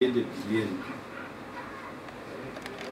Medellín